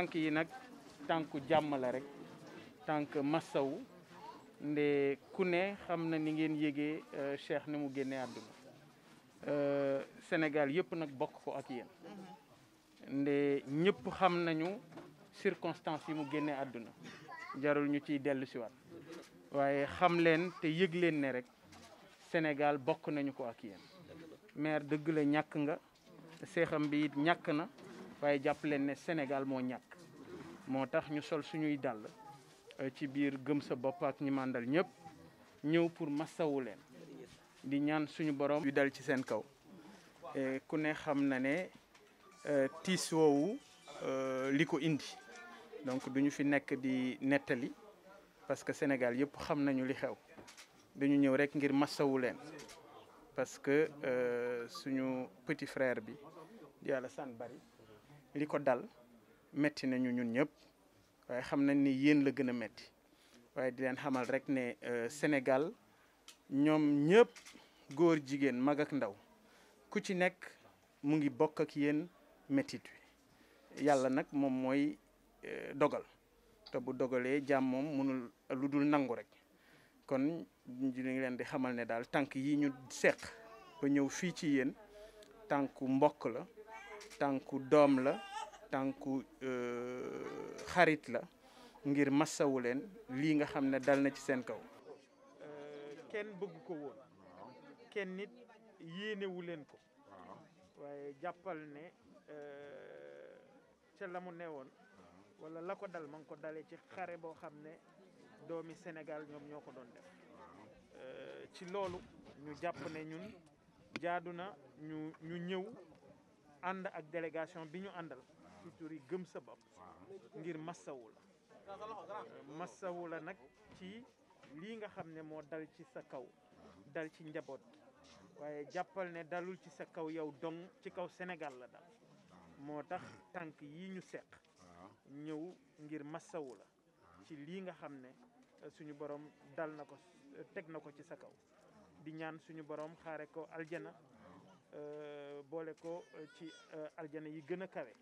tànk yi nag tànku jàmm rek tànk massawu nde ku ne xam na ni ngeen yégee euh, Cheikh ni mu génnee àdduna euh, Sénégal yëpp nag bokk ko ak yéen nde ñëpp xam nañu circonstances yi mu génne àdduna jarul ñu ciy dellu si waat waaye xam leen te yëg leen ne rek Sénégal bokk nañu ko ak yéen maire dëgg la nga seexam bi it na waaye jàpp leen ne Sénégal moo ñàkk moo tax ñu sol suñuy dàll euh, ci biir gëm sa bopp ak ñi màndal ñëpp ñëw pour massawu leen di ñaan suñu borom yu dal ci seen kaw e ku ne xam na ne euh, tiis woowu euh, li ko indi donc duñu fi nekk di nettali parce que Sénégal yëpp xam nañu li xew dañu ñëw rek ngir massawu leen parce que suñu petit frère bi di Alassane Bari li ko dal metti nañu ñun ñëpp waaye xam nañ ni yéen la gën a metti waaye di leen xamal rek ne euh, Sénégal ñoom ñëpp góor jigéen mag ak ndaw ku ci nekk mu ngi bokk ak yéen métit wi yàlla nag moom mooy euh, dogal te bu dogalee jàmm moom mënul lu dul nangu rek kon ñu ngi leen di xamal ne daal tànk yi ñu seq ba ñëw fii ci yéen tànku mbokk la tànku doom la tànku euh, xarit la ngir massawu leen lii nga xam ne dal na ci seen kaw euh, kenn bëgg ko woon kenn nit yéenewu leen ko waaye jàppal ne euh, ca la mu newoon wala la ko dal ma ko dalee ci xare boo xam ne doomi senegal ñoom ñoo ko doon def ci loolu ñu jàpp ne ñun jaadu na ñu ñu ñëw ànd ak délégation bi ñu àndal ci gëm sa bopp ngir massawu la massawu la nag ci lii nga xam ne moo dal ci sa kaw dal ci njaboot waaye jàppal ne dalul ci sa kaw yow dong ci kaw Sénégal la dal moo tax tànk yi ñu seq ñëw ngir massawu la ci lii nga xam ne euh, suñu borom dal na ko teg na ko ci sa kaw di ñaan suñu borom xaare ko aljana boole ko ci eh, aljana yi gën a kawe